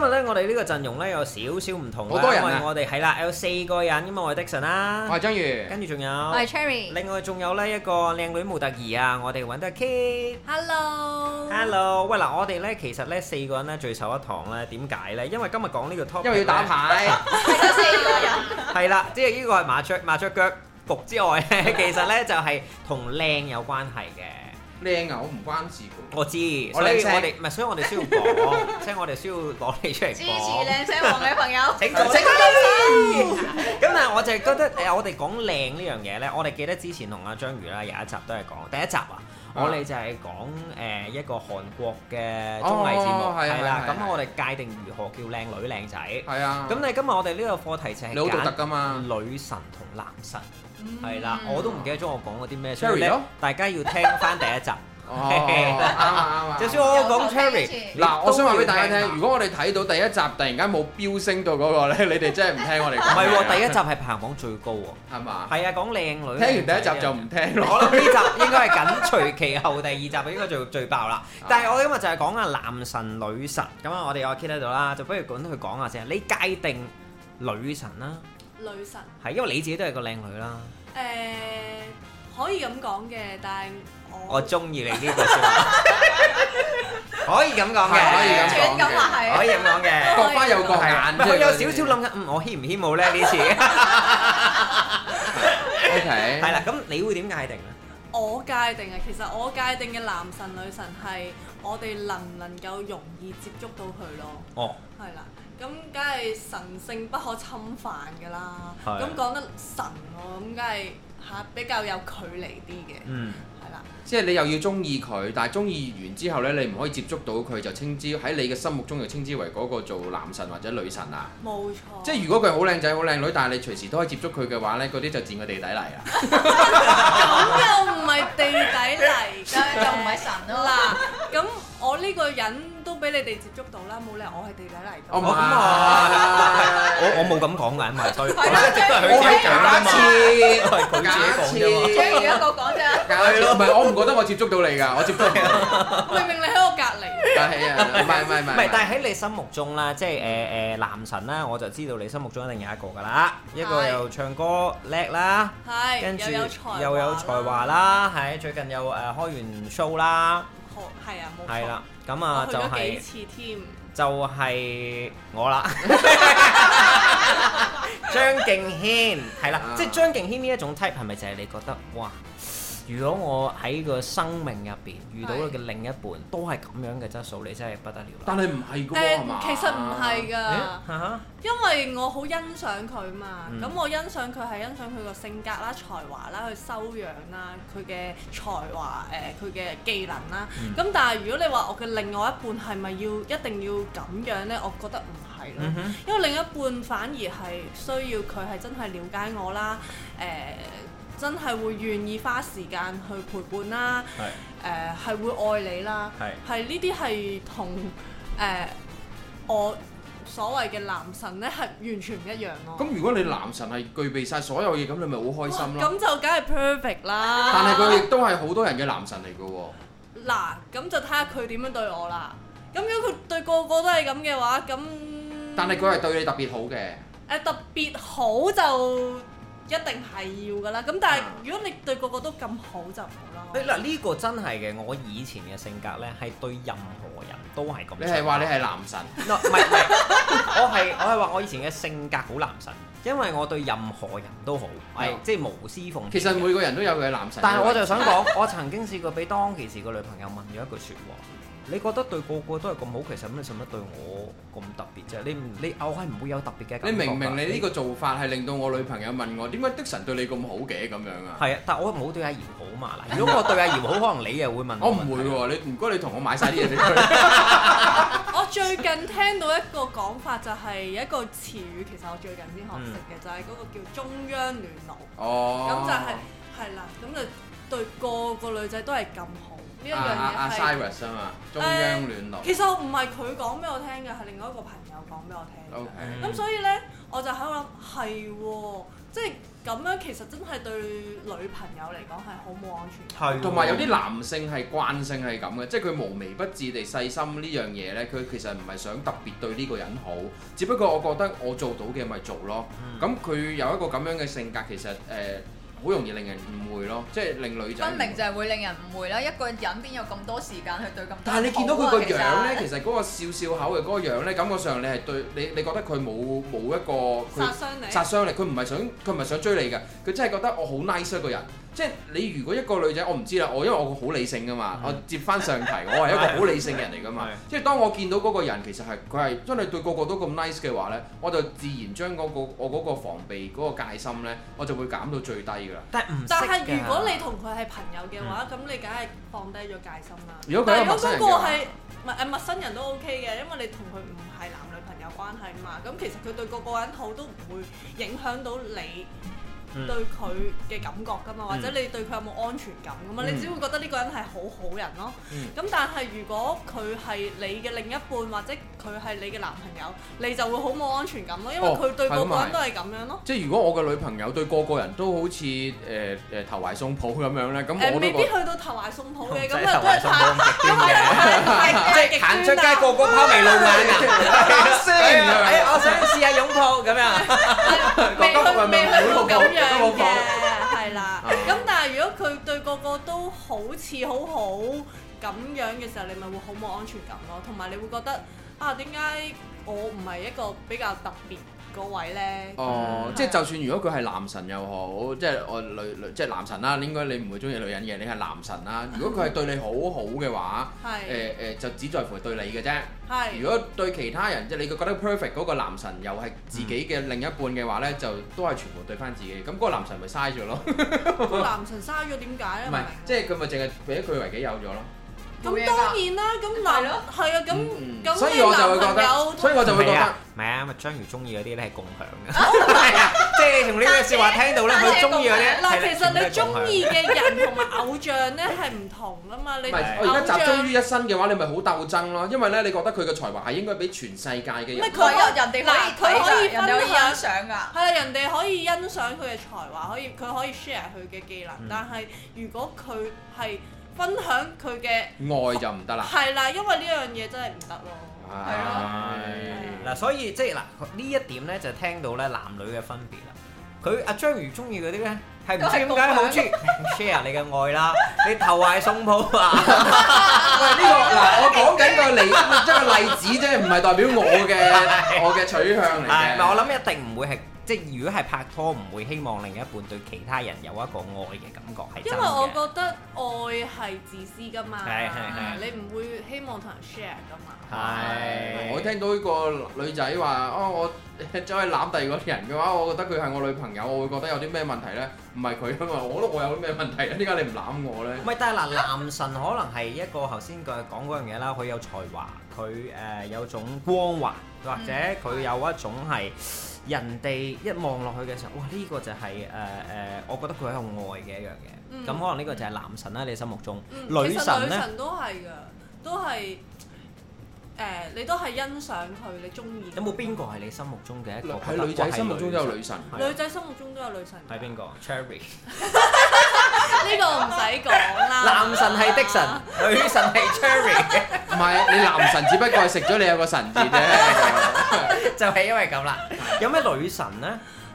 今日咧，我哋呢個陣容咧有少少唔同。好多人啊！我哋係啦，有四個人噶嘛，我係 Dixon 啦，係章魚，跟住仲有，係 Cherry，另外仲有咧一個靚女模特兒啊，我哋搵得 Kit。Hello，Hello，喂嗱，我哋咧其實咧四個人咧最受一堂咧，點解咧？因為今日講呢個 topic，因為要打牌，係啦，即係呢個係麻雀麻雀腳服之外咧，其實咧就係同靚有關係嘅。靚啊，我唔關事嘅。我知，所以我哋唔係，所以我哋需要講，即係我哋需要攞你出嚟講。支持靚聲王嘅朋友，請請。咁但係我就覺得誒，我哋講靚呢樣嘢咧，我哋記得之前同阿章魚啦有一集都係講第一集啊。我哋就係講誒一個韓國嘅綜藝節目係啦，咁、哦、我哋界定如何叫靚女靚仔係啊。咁你的今日我哋呢個課題就係好獨特㗎嘛，女神同男神係啦，我都唔記得咗我講咗啲咩，嗯、所以咧大家要聽翻第一集。 哦，啱啊啱啊！就算我講 Cherry，嗱，我想話俾大家聽，如果我哋睇到第一集突然間冇飆升到嗰個咧，你哋真係唔聽我哋講。唔係喎，第一集係排行榜最高喎，係嘛？係啊，講靚女。聽完第一集就唔聽，呢集應該係緊隨其後，第二集應該就最爆啦。但係我今日就係講下男神女神咁啊，我哋我傾喺度啦，就不如管佢講下先。你界定女神啦？女神係因為你自己都係個靚女啦。誒，可以咁講嘅，但係。我中意你呢個數，可以咁講嘅，安全感又係，可以咁講嘅，各花有各眼，佢有少少諗緊，嗯，我牽唔牽冇咧呢次？OK，係啦，咁你會點界定咧？我界定啊，其實我界定嘅男神女神係我哋能唔能夠容易接觸到佢咯？哦，係啦，咁梗係神聖不可侵犯㗎啦。係，咁講得神喎，咁梗係嚇比較有距離啲嘅。嗯，係啦。即係你又要中意佢，但係中意完之後咧，你唔可以接觸到佢，就稱之喺你嘅心目中，就稱之為嗰個做男神或者女神啊。冇錯。即係如果佢好靚仔好靚女，但係你隨時都可以接觸佢嘅話咧，嗰啲就佔個地底泥啊。咁又唔係地底泥，但係就唔係神咯。嗱，咁我呢個人都俾你哋接觸到啦，冇理由我係地底泥。我唔係，我我冇咁講㗎，唔係推。係啦，我係假設，我係佢自己講啫嘛。假如一個講啫。係啦，唔係我。我覺得我接觸到你㗎，我接觸。明明你喺我隔離。係啊，唔係唔係唔係，但係喺你心目中咧，即係誒誒男神咧，我就知道你心目中一定有一個㗎啦，一個又唱歌叻啦，係，又有才又有才華啦，係，最近又誒開完 show 啦，學係啊，冇錯。係啦，咁啊就係。去咗幾次添。就係我啦，張敬軒係啦，即係張敬軒呢一種 type 係咪就係你覺得哇？如果我喺個生命入邊遇到佢嘅另一半都係咁樣嘅質素，你真係不得了啦！但係唔係㗎？呃、吧其實唔係㗎，欸啊、因為我好欣賞佢嘛。咁、嗯、我欣賞佢係欣賞佢個性格啦、才華啦、佢修養啦、佢嘅才華誒、佢、呃、嘅技能啦。咁、嗯、但係如果你話我嘅另外一半係咪要一定要咁樣呢？我覺得唔係啦，嗯、哼因為另一半反而係需要佢係真係了解我啦，誒、呃。呃真係會願意花時間去陪伴啦，誒係是、呃、會愛你啦，係呢啲係同誒我所謂嘅男神咧係完全唔一樣咯。咁如果你男神係具備晒所有嘢，咁你咪好開心、哦、咯。咁就梗係 perfect 啦。但係佢亦都係好多人嘅男神嚟㗎喎。嗱， 咁就睇下佢點樣對我啦。咁樣佢對個個都係咁嘅話，咁但係佢係對你特別好嘅。誒特別好就。一定係要噶啦，咁但係如果你對個個都咁好就冇啦。誒嗱，呢個真係嘅，我以前嘅性格呢，係對任何人都係咁。你係話你係男神？唔係唔係，我係我係話我以前嘅性格好男神，因為我對任何人都好，係即係無私奉。其實每個人都有佢嘅男神。但係我就想講， 我曾經試過俾當其時個女朋友問咗一句説話。你覺得對個個都係咁好，其實咁你做乜對我咁特別啫？你你又係唔會有特別嘅感覺？你明明你呢個做法係令到我女朋友問我：點解的神對你咁好嘅？咁樣啊？係啊，但係我唔好對阿嚴好嘛？嗱，如果我對阿嚴好，可能你又會問我唔會喎、啊？你唔該，你同我買晒啲嘢俾佢。我最近聽到一個講法，就係、有、一個詞語，其實我最近先學識嘅，嗯、就係嗰個叫中央暖流。哦、就是。咁就係係啦，咁就對個個女仔都係咁。好。呢一樣啊，啊 Cyrus 啊嘛，中央暖爐。其實唔係佢講俾我聽嘅，係另外一個朋友講俾我聽嘅。O Okay . K、嗯。咁所以咧，我就喺度諗，係喎、哦，即係咁樣其實真係對女朋友嚟講係好冇安全感。同埋的有啲男性係慣性係咁嘅，即係佢無微不至地細心呢樣嘢咧，佢其實唔係想特別對呢個人好，只不過我覺得我做到嘅咪做咯。咁佢、嗯、有一個咁樣嘅性格，其實誒。呃好容易令人誤會咯，即係令女仔分明，明就係會令人誤會啦！一個人邊有咁多時間去對咁多？但係你見到佢個樣咧，其實嗰個笑笑口嘅嗰個樣咧，感覺上你係對你，你覺得佢冇冇一個殺傷力，殺傷力佢唔係想佢唔係想追你嘅，佢真係覺得我好 nice 一個人。即係你如果一個女仔，我唔知啦，我因為我好理性噶嘛，嗯、我接翻上，上題，我係一個好理性嘅人嚟噶嘛。嗯嗯嗯、即係當我見到嗰個人其實係佢係真係對個個都咁 nice 嘅話咧，我就自然將嗰、嗰個我嗰防備嗰、嗰個戒心咧，我就會減到最低噶啦。但係但係如果你同佢係朋友嘅話，咁、嗯、你梗係放低咗戒心啦。如果嗰個係唔係陌生人都 OK 嘅，因為你同佢唔係男女朋友關係嘛。咁其實佢對個個人好都唔會影響到你。對佢嘅感覺噶嘛，或者你對佢有冇安全感噶嘛？你只會覺得呢個人係好好人咯。咁但係如果佢係你嘅另一半，或者佢係你嘅男朋友，你就會好冇安全感咯，因為佢對個個人都係咁樣咯。即係如果我嘅女朋友對個個人都好似誒誒投懷送抱咁樣咧，咁我都未必去到投懷送抱嘅咁啊，都係行，即係行出街個個拋眉露眼噶先，係咪？我想試下擁抱咁樣，未去未去擁抱，嘅係啦，咁但係如果佢對個個都好似好好咁樣嘅時候，你咪會好冇安全感咯，同埋你會覺得啊，點解我唔係一個比較特別？嗰位咧，哦，即係就算如果佢係男神又好，即係我女女即係男神啦，應該你唔會中意女人嘅，你係男神啦。如果佢係對你好好嘅話，係，誒誒就只在乎對你嘅啫。係，如果對其他人即係你覺得 perfect 嗰個男神又係自己嘅另一半嘅話咧，就都係全部對翻自己，咁嗰個男神咪嘥咗咯。個男神嘥咗點解啊？唔係，即係佢咪淨係俾佢為己有咗咯。咁當然啦，咁男咯，係啊，咁咁啲男朋友，所以我就會覺得，唔係啊，咪章魚中意嗰啲咧係共享嘅，係啊，即係你從呢句説話聽到咧，佢中意嗰啲係咧，其實你中意嘅人同偶像咧係唔同啊嘛，你而家集中於一身嘅話，你咪好鬥爭咯，因為咧你覺得佢嘅才華係應該俾全世界嘅人，唔係佢，人哋可以，人哋可以分享噶，係啊，人哋可以欣賞佢嘅才華，可以佢可以 share 佢嘅技能，但係如果佢係。分享佢嘅愛就唔得啦，係啦，因為呢樣嘢真係唔得咯，係啦，嗱，所以即係嗱呢一點咧就聽到咧男女嘅分別啦。佢阿章魚中意嗰啲咧係唔知點解好中意 share 你嘅愛啦，你投懷送抱啊！喂，呢個嗱我講緊個例即係個例子啫，唔係代表我嘅我嘅取向嚟嘅。唔係我諗一定唔會係。即係如果係拍拖，唔會希望另一半對其他人有一個愛嘅感覺係真嘅。因為我覺得愛係自私噶嘛，你唔會希望同人 share 噶嘛。係，我聽到呢個女仔話：，哦，我再去攬第二個人嘅話，我覺得佢係我女朋友，我會覺得有啲咩問題咧？唔係佢啊嘛，我覺得我有啲咩問題？點解你唔攬我咧？唔係，但係嗱，男神可能係一個頭先佢講嗰樣嘢啦。佢有才華，佢誒有種光環，或者佢有一種係。人哋一望落去嘅時候，哇！呢、呢個就係誒誒，我覺得佢係用愛嘅一樣嘢。咁、嗯、可能呢個就係男神啦，你心目中、嗯、女神女神都係噶，都係誒、呃，你都係欣賞佢，你中意。有冇邊個係你心目中嘅一個？喺女仔心目中都有女神，對女仔心目中都有女神。係邊個？Cherry。 呢個唔使講啦，男神係的神，女神係 Cherry。唔係，你男神只不過係食咗你有個神字啫，就係因為咁啦。有咩女神咧？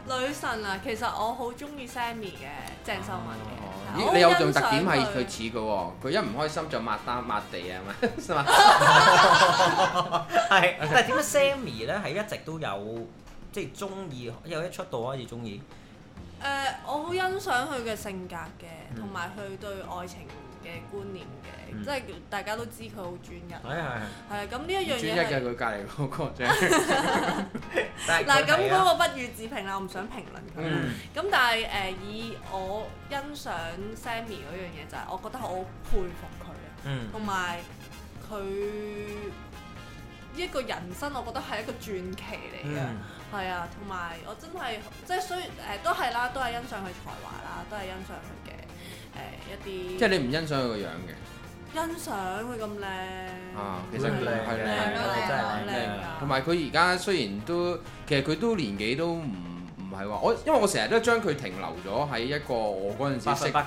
女神啊，其實我好中意 Sammy 嘅，鄭秀文嘅。你有種特點係佢似嘅喎，佢一唔開心就抹單抹地啊嘛，係。但係點解 Sammy 咧係一直都有即係中意，有一出道開始中意？誒，我好欣賞佢嘅性格嘅，同埋佢對愛情嘅觀念嘅，即係大家都知佢好專一。係係係。咁呢一樣嘢。專一佢隔離嗰個啫。嗱咁嗰個不予置評啦，我唔想評論佢。咁但係誒，以我欣賞 Sammy 嗰樣嘢就係，我覺得好佩服佢同埋佢一個人生，我覺得係一個傳奇嚟嘅。係啊，同埋我真係即係雖然誒都係啦，都係欣賞佢才華啦，都係欣賞佢嘅誒一啲。即係你唔欣賞佢個樣嘅？欣賞佢咁靚啊！其實佢係靚，真係靚。同埋佢而家雖然都其實佢都年紀都唔唔係話我，因為我成日都將佢停留咗喺一個我嗰陣時識。白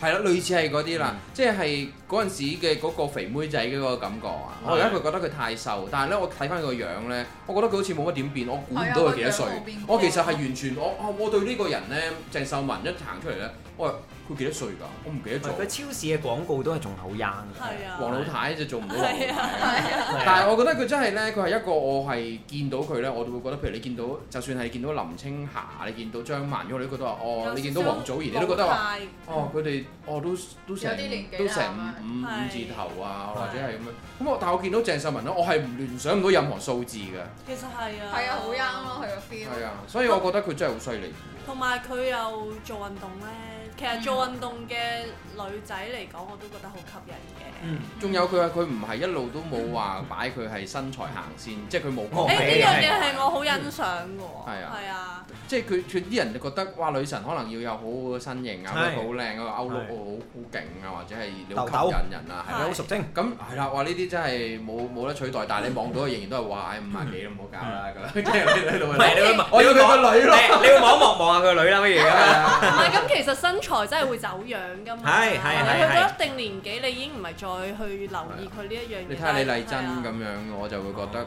係啦，類似係嗰啲啦，嗯、即係嗰陣時嘅嗰個肥妹仔嘅嗰個感覺啊！的我而家佢覺得佢太瘦，但係咧我睇返佢個樣咧，我覺得佢好似冇乜點變，我估唔到佢幾多歲。我其實係完全我啊，我對呢個人咧，鄭秀文一行出嚟咧，我。佢幾多歲㗎？我唔記得咗。佢超市嘅廣告都係仲好 young 嘅。係啊。黃老太就做唔到。係啊，但係我覺得佢真係咧，佢係一個我係見到佢咧，我都會覺得，譬如你見到，就算係見到林青霞，你見到張曼玉，你都覺得話哦，少少你見到王祖賢，態你都覺得話哦，佢哋哦都都成、啊、都成五、啊、五字頭啊，啊或者係咁樣。咁、啊、我但係我見到鄭秀文咧，我係唔聯想唔到任何數字㗎。其實係啊。係啊，好 young 咯，佢個 feel。係啊，所以我覺得佢真係好犀利。同埋佢又做運動咧。其實做運動嘅女仔嚟講，我都覺得好吸引嘅。嗯，仲有佢話佢唔係一路都冇話擺佢係身材行先，即係佢冇講。誒呢樣嘢係我好欣賞嘅。係啊，係啊，即係佢佢啲人就覺得哇女神可能要有好好嘅身形啊，或者好靚啊，勾佬好好勁啊，或者係好吸引人啊，係咯，好淑貞。咁係啦，話呢啲真係冇冇得取代，但係你望到仍然都係話誒五廿幾都唔好搞啦咁。其實啲女佬咪，我要佢個女，你要望一望望下佢個女啦咩嘢啊？唔係，咁其實身材。台真係會走樣噶嘛，佢到 一定年紀，你已經唔係再去留意佢呢一樣嘢。你睇下李麗珍咁樣， 我就會覺得誒誒，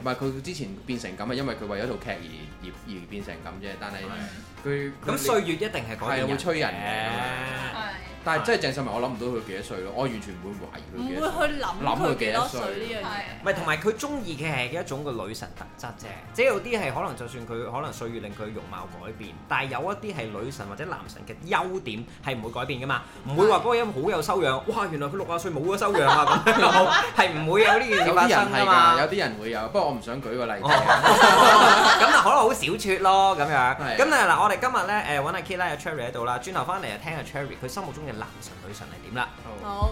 唔係佢之前變成咁係因為佢為咗套劇而而而變成咁啫，但係。 佢咁歲月一定係係會催人嘅，但係真係鄭秀文，我諗唔到佢幾多歲咯，我完全唔會懷疑佢。唔會去諗佢幾多歲呢樣嘢。唔係同埋佢中意嘅係一種嘅女神特質啫，即係有啲係可能就算佢可能歲月令佢容貌改變，但係有一啲係女神或者男神嘅優點係唔會改變噶嘛，唔會話嗰個人好有修養，哇原來佢六啊歲冇咗修養啊咁，係唔會有呢件嘢發生噶嘛。有啲人會有，不過我唔想舉個例子。咁啊，可能好少出咯咁樣。係。咁啊嗱我。我哋今日咧，誒揾阿 Kit 阿 Cherry 喺度啦，轉頭翻嚟就聽下 Cherry 佢心目中嘅男神女神係點啦。好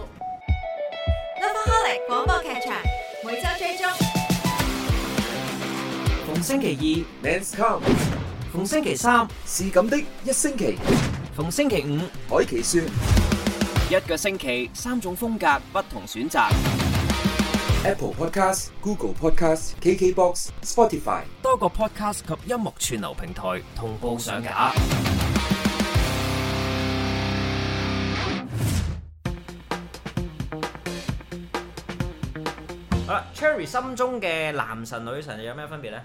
，Lovaholic 廣播劇場，每周追蹤。逢星期二 Men's Come，逢星期三是咁的一星期，逢星期五海琪説，一個星期三種風格，不同選擇。Apple Podcast、Google Podcast、KK Box、Spotify 多個 Podcast 及音樂串流平台同步上架。好啦，Cherry 心中嘅男神女神有咩分別咧？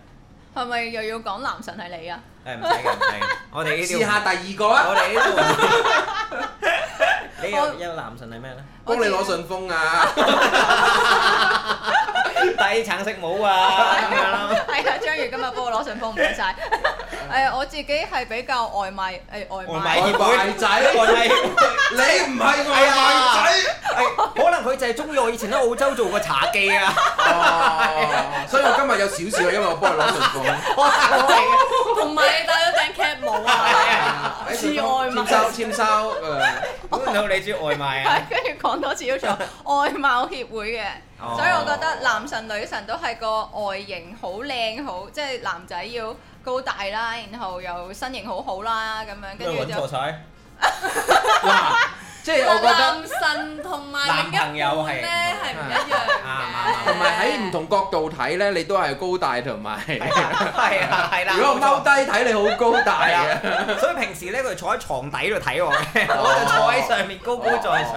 係咪又要講男神係你啊？誒，唔使嘅，唔使。我哋試下第二個啦。我哋呢度。一男神係咩咧？幫你攞順豐啊！戴啲橙色帽啊！咁樣咯。係啊，章魚今日幫我攞順豐唔使曬。係啊，我自己係比較外賣，誒，外賣外賣仔，外賣。你唔係外賣仔。可能佢就係中意我以前喺澳洲做過茶記啊。哦。所以我今日有少少，因為我幫佢攞順豐。我係同埋你戴咗頂 cap 帽啊！似外賣，簽收簽收，誒，咁你知外賣啊？係，跟住講多次要做外貌協會嘅，所以我覺得男神女神都係個外形好靚好，即係男仔要高大啦，然後又身形好好啦咁樣，跟住就。哈哈哈哈哈！即係我覺得男神同埋男朋友咧係唔一樣嘅，同埋喺唔同角度睇咧，你都係高大同埋。係啊，係啦。如果我踎低睇你好高大嘅，所以平時咧佢哋坐喺床底度睇我嘅，我就坐喺上面高高在上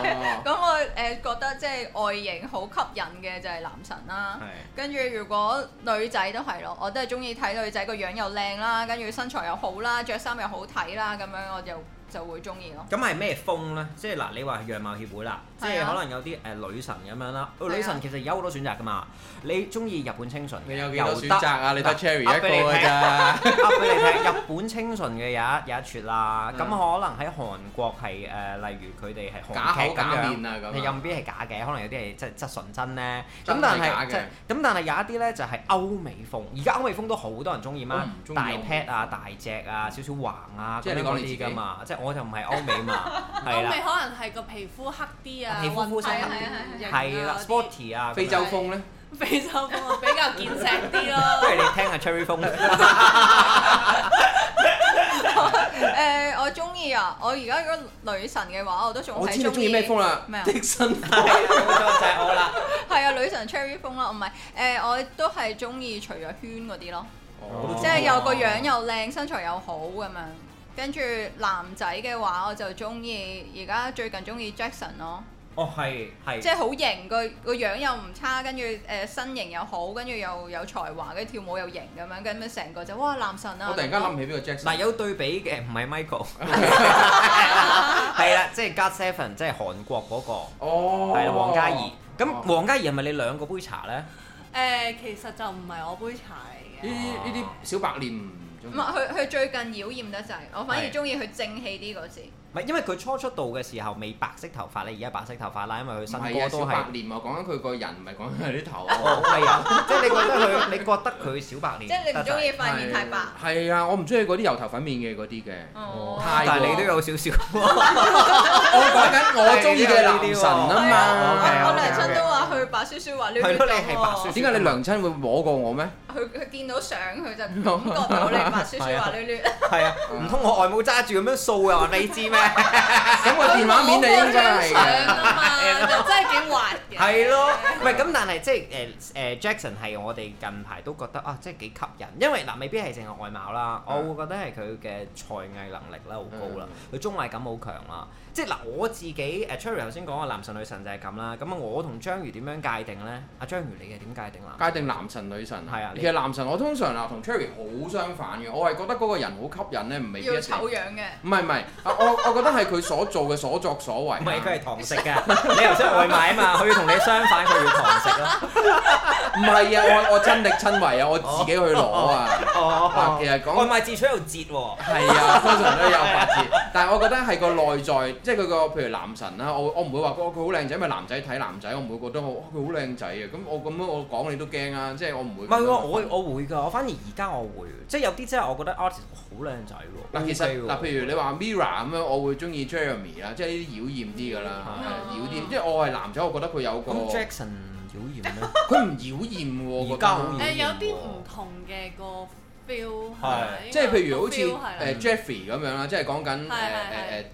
嘅。咁我誒覺得即係外形好吸引嘅就係男神啦。跟住如果女仔都係咯，我都係鍾意睇女仔個樣又靚啦，跟住身材又好啦，著衫又好睇啦，咁樣我就。就會中意咯。咁係咩風咧？即係嗱，你話樣貌協會啦，即係可能有啲誒女神咁樣啦。女神其實有好多選擇噶嘛。你中意日本清純，你有幾多選擇啊？你得 Cherry 一個㗎咋？俾你聽，日本清純嘅有一有一撮啦。咁可能喺韓國係誒，例如佢哋係假口假面啊咁。你任邊係假嘅，可能有啲係真真純真咧。咁但係，咁但係有一啲咧就係歐美風。而家歐美風都好多人中意嘛，大 pat 啊，大隻啊，少少橫啊，即嗰你咁啊嘛。即係。我就唔係歐美嘛，歐美可能係個皮膚黑啲啊，係啊。sporty 啊，非洲風咧，非洲風比較健碩啲咯。不如你聽下 Cherry 風啦。我中意啊！我而家嗰女神嘅話，我都仲係中意。你中意咩風啦？咩啊？的神風冇錯就係我啦。係啊，女神 Cherry 風啦，唔係誒，我都係中意除咗圈嗰啲咯，即係有個樣又靚，身材又好咁樣。跟住男仔嘅話，我就中意而家最近中意 Jackson 咯。哦，係，係，即係好型，個個樣又唔差，跟住誒身形又好，跟住又有才華，跟住跳舞又型咁樣，咁樣成個就哇男神啊！我突然間諗起呢個 Jackson？嗱有對比嘅，唔係 Michael，係啦，即係 God Seven，即係韓國嗰個，係，哦，王嘉爾。咁，哦，王嘉爾係咪你兩個杯茶咧？誒，呃，其實就唔係我杯茶嚟嘅。呢啲呢啲小白臉。唔係，佢佢最近妖豔得滯，我反而中意佢正氣啲嗰時。唔係，因為佢初出道嘅時候未白色頭髮你，而家白色頭髮啦。因為佢新歌都係小白臉嘛。講緊佢個人，唔係講緊佢啲頭。係啊，即係你覺得佢，你覺得佢小白臉。即係你唔中意髮型太白。係啊，我唔中意嗰啲油頭粉面嘅嗰啲嘅。哦，但係你都有少少。我講緊我中意嘅男神啊嘛。我娘親都話佢白書書話攣攣。係咯，你係白書書。點解你娘親會摸過我咩？佢佢見到相，佢就感覺到你白書書話攣攣。係啊，唔通我外母揸住咁樣掃啊？又話你知咩？咁個電話面就應該係，又真係幾滑嘅。係咯 了，唔係咁，但係即係誒誒，Jackson 係我哋近排都覺得啊，即係幾吸引。因為嗱、呃，未必係淨係外貌啦，我會覺得係佢嘅才藝能力咧好高啦，佢綜藝感好強啦。即係嗱，我自己誒 Cherry 頭先講個男神女神就係咁啦。咁啊，我同章魚點樣界定咧？阿章魚你係點界定啊？界定男神女神？係啊，其實男神我通常啊同 Cherry 好相反嘅。我係覺得嗰個人好吸引咧，唔係因為醜樣嘅。唔係唔係，我我覺得係佢所做嘅所作所為。唔係佢係堂食嘅，你頭先食外賣啊嘛？佢要同你相反，佢要堂食咯。唔係啊，我我親力親為啊，我自己去攞啊。哦哦哦，其實講外賣自取又折喎。係啊，通常都有。我覺得係個內在，即係佢個譬如男神啦。我我唔會話佢好靚仔，咪男仔睇男仔，我唔會覺得佢好靚仔嘅。咁、哦、我咁樣我講你都驚啊！即係我唔會，會。唔係喎，我我會㗎。我反而而家我會，即係有啲真係我覺得 artist 好靚仔喎。嗱其實嗱、啊，譬如你話 Mirror 咁樣，我會中意 Jeremy 啦的，即係呢啲妖豔啲㗎啦，妖啲。因為我係男仔，我覺得佢有個 Jackson 妖豔咩？佢唔 妖豔喎，而家好妖豔有啲唔同嘅個。 係，即係譬如好似誒 Jeffy 咁樣啦，即係講緊誒誒誒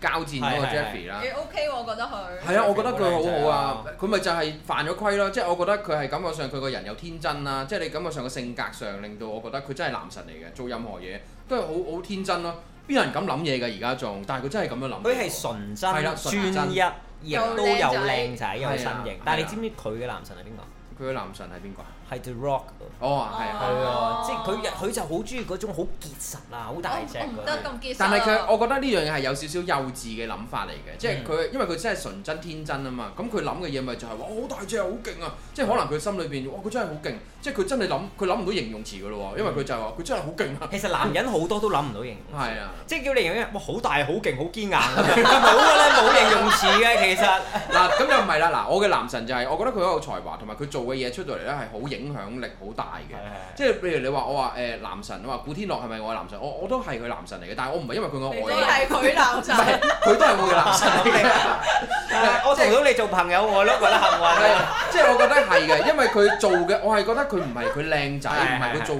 交戰嗰個 Jeffy 啦，幾 OK 我覺得佢係啊，我覺得佢好好啊，佢咪就係犯咗規咯，即係我覺得佢係感覺上佢個人又天真啦，即係你感覺上個性格上令到我覺得佢真係男神嚟嘅，做任何嘢都係好好天真咯。邊有人咁諗嘢㗎而家仲，但係佢真係咁樣諗。佢係純真，係啦，專一亦都有靚仔嘅身型。但係你知唔知佢嘅男神係邊個？佢嘅男神係邊個？係 The Rock，哦、oh，係啊、oh，係啊，即係佢佢就好中意嗰種好結實啊，好大隻。唔得咁結實。的但係佢，我覺得呢樣嘢係有少少幼稚嘅諗法嚟嘅，的即係佢因為佢真係純真天真啊嘛。咁佢諗嘅嘢咪就係話好大隻、好勁啊！即係可能佢心裏邊，哇！佢真係好勁，即係佢真係諗佢諗唔到形容詞噶咯喎，因為佢就係話佢真係好勁啊。其實男人好多都諗唔到形容詞。係啊的。即係叫你形容，哇！好大、好勁、好堅硬，冇㗎咧，冇形容詞嘅其實。嗱咁又唔係啦，嗱我嘅男神就係、是、我覺得佢好有才華，同埋佢做嘅嘢出到嚟咧係好型。影響力好大嘅，即係譬如你話我話誒男神，我話古天樂係咪我男神？我我都係佢男神嚟嘅，但係我唔係因為佢嘅外貌係佢男神，佢都係我嘅男神 我同到你做朋友，我都覺得幸運。即係我覺得係嘅，因為佢做嘅，我係覺得佢唔係佢靚仔，唔係佢做，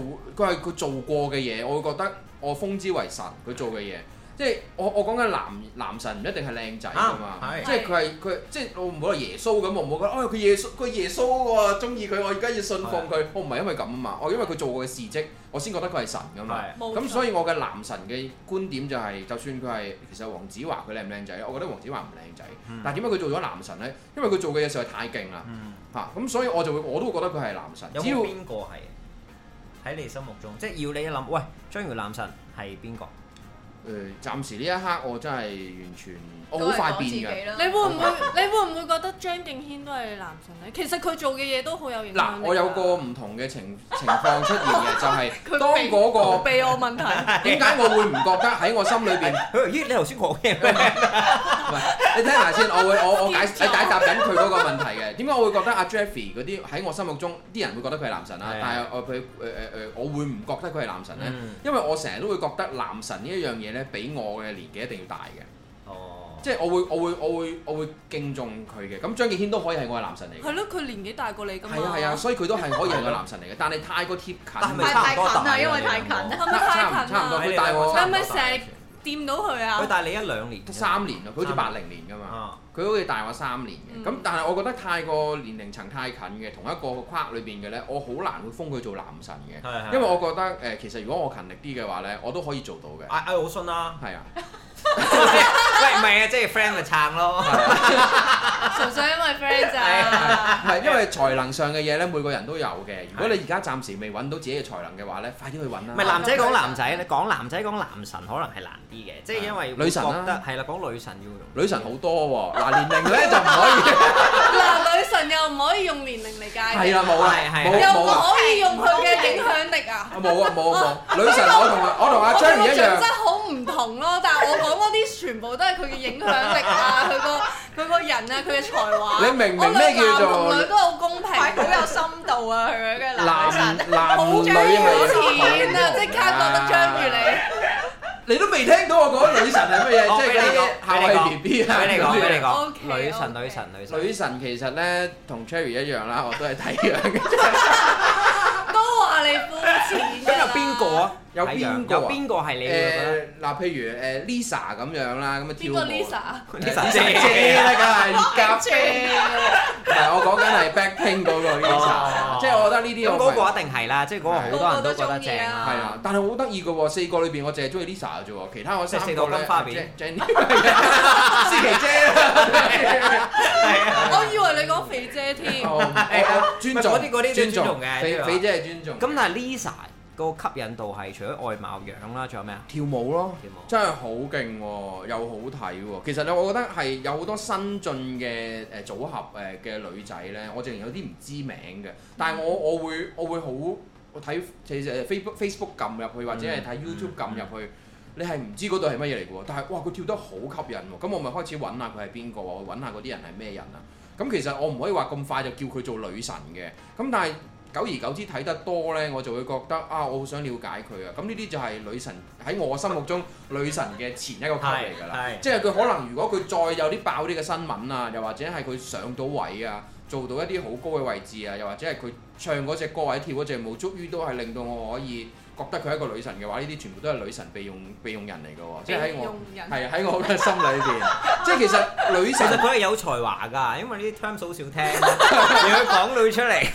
佢係佢做過嘅嘢，我會覺得我封之為神，佢做嘅嘢。即係我我講緊男男神唔一定係靚仔㗎嘛，啊、即係佢係佢即係我唔會話耶穌咁，我唔會覺得哦佢、哎、耶穌佢耶穌嗰個鍾意佢，我而家要信奉佢，我唔係因為咁啊嘛，我因為佢做過嘅事蹟，我先覺得佢係神㗎嘛。咁所以我嘅男神嘅觀點就係、是，就算佢係其實黃子華佢靚唔靚仔，我覺得黃子華唔靚仔。嗯、但係點解佢做咗男神咧？因為佢做嘅嘢實在太勁啦嚇，咁、嗯啊、所以我就會我都會覺得佢係男神。只要有冇邊個係喺你心目中？即、就、係、是、要你一諗，喂，將來男神係邊個？誒、嗯，暫時呢一刻我真係完全我好快變嘅。你會唔會 你會唔會覺得張敬軒都係男神呢？其實佢做嘅嘢都好有型，啊。嗱， 我有個唔同嘅情情況出現嘅，就係、是、當嗰、那個備我問題，點解我會唔覺得喺我心裏邊？咦， 你頭先講咩？唔係，你聽，聽下先。我會我我，我解 解，解答緊佢嗰個問題嘅。點解我會覺得阿 Jeffrey 嗰啲喺我心目中啲人會覺得佢係男神啊？的但係我佢、呃呃呃、會唔覺得佢係男神呢、啊？嗯、因為我成日都會覺得男神呢一樣嘢比我嘅年紀一定要大嘅，哦，oh. 即係我會我會我會我會敬重佢嘅。咁張敬軒都可以係我嘅男神嚟嘅。係咯，佢年紀大過你咁。係啊係啊，所以佢都係可以係我男神嚟嘅。但係太過貼近，太近啊！是是因為太近，係咪太近啊？係咪成日掂到佢啊？佢大你一兩年，三年,年,三年啊！佢好似八零年㗎嘛。佢好似大我三年嘅，咁、嗯、但係我覺得太過年齡層太近嘅，同一個框裏邊嘅咧，我好難會封佢做男神嘅，係係係因為我覺得誒、呃，其實如果我勤力啲嘅話咧，我都可以做到嘅。哎哎，我信啦，係啊。喂，唔係啊，即係 friend 嚟撐咯，純粹因為 friend 咋，係因為才能上嘅嘢咧，每個人都有嘅。如果你而家暫時未揾到自己嘅才能嘅話咧，快啲去揾啦。唔係男仔講男仔，你講男仔講男神可能係難啲嘅，即係因為女神覺得係啦，講女神要。女神好多喎，嗱年齡咧就唔可以。嗱女神又唔可以用年齡嚟界定，係啦冇啦，又唔可以用佢嘅影響力啊。冇啊冇冇，女神我同我同阿張唔一樣。唔同咯，但係我講嗰啲全部都係佢嘅影響力啊，佢個佢個人啊，佢嘅才華，我兩男同女都好公平，好有深度啊，佢嘅男神，好張雨綺啊，即刻覺得張雨綺，你都未聽到我講女神係乜嘢？即係你後衞 BB 啊，俾你講，女神女神女神女神其實咧同 Cherry 一樣啦，我都係睇樣嘅。都話你敷錢嘅，咁有邊個啊？有邊個啊？有邊個係你？嗱，譬如誒 Lisa 咁樣啦，咁啊跳。Lisa l i s a 姐咧，梗係夾姐。但係我講緊係 backing 嗰個 Lisa，即係我覺得呢啲咁嗰個一定係啦，即係嗰個好多人都覺得正啦。係啊，但係好得意嘅喎，四個裏邊我淨係中意 Lisa 嘅啫，其他我三個咧。四個花面。j e n n 思琪姐。係啊。我以為你講肥姐添。哦，係尊重。嗰啲嗰啲尊重嘅，肥姐係尊。咁但係 Lisa 個吸引度係除咗外貌樣啦，仲有咩啊？跳舞咯，跳舞真係好勁，又好睇、哦。其實咧，我覺得係有好多新晉嘅誒組合誒嘅女仔咧，我淨有啲唔知名嘅。但係我我會我會好我睇其實 Facebook Facebook 撳入去或者係睇 YouTube 撳入去，嗯嗯、你係唔知嗰度係乜嘢嚟嘅喎。但係哇，佢跳得好吸引喎、哦。咁我咪開始揾下佢係邊個，我揾下嗰啲人係咩人啊？咁其實我唔可以話咁快就叫佢做女神嘅。咁但係，久而久之睇得多呢，我就會覺得啊，我好想了解佢啊！咁呢啲就係女神喺我心目中女神嘅前一個級嚟㗎啦，即係佢可能如果佢再有啲爆啲嘅新聞啊，又或者係佢上到位啊，做到一啲好高嘅位置啊，又或者係佢唱嗰隻歌或者跳嗰隻舞，足於都係令到我可以。覺得佢係一個女神嘅話，呢啲全部都係女神備用備用人嚟嘅喎，即係喺我係喺我嘅心裏邊，即係其實女神佢係有才華㗎，因為呢啲 time 好少聽，你去講女出嚟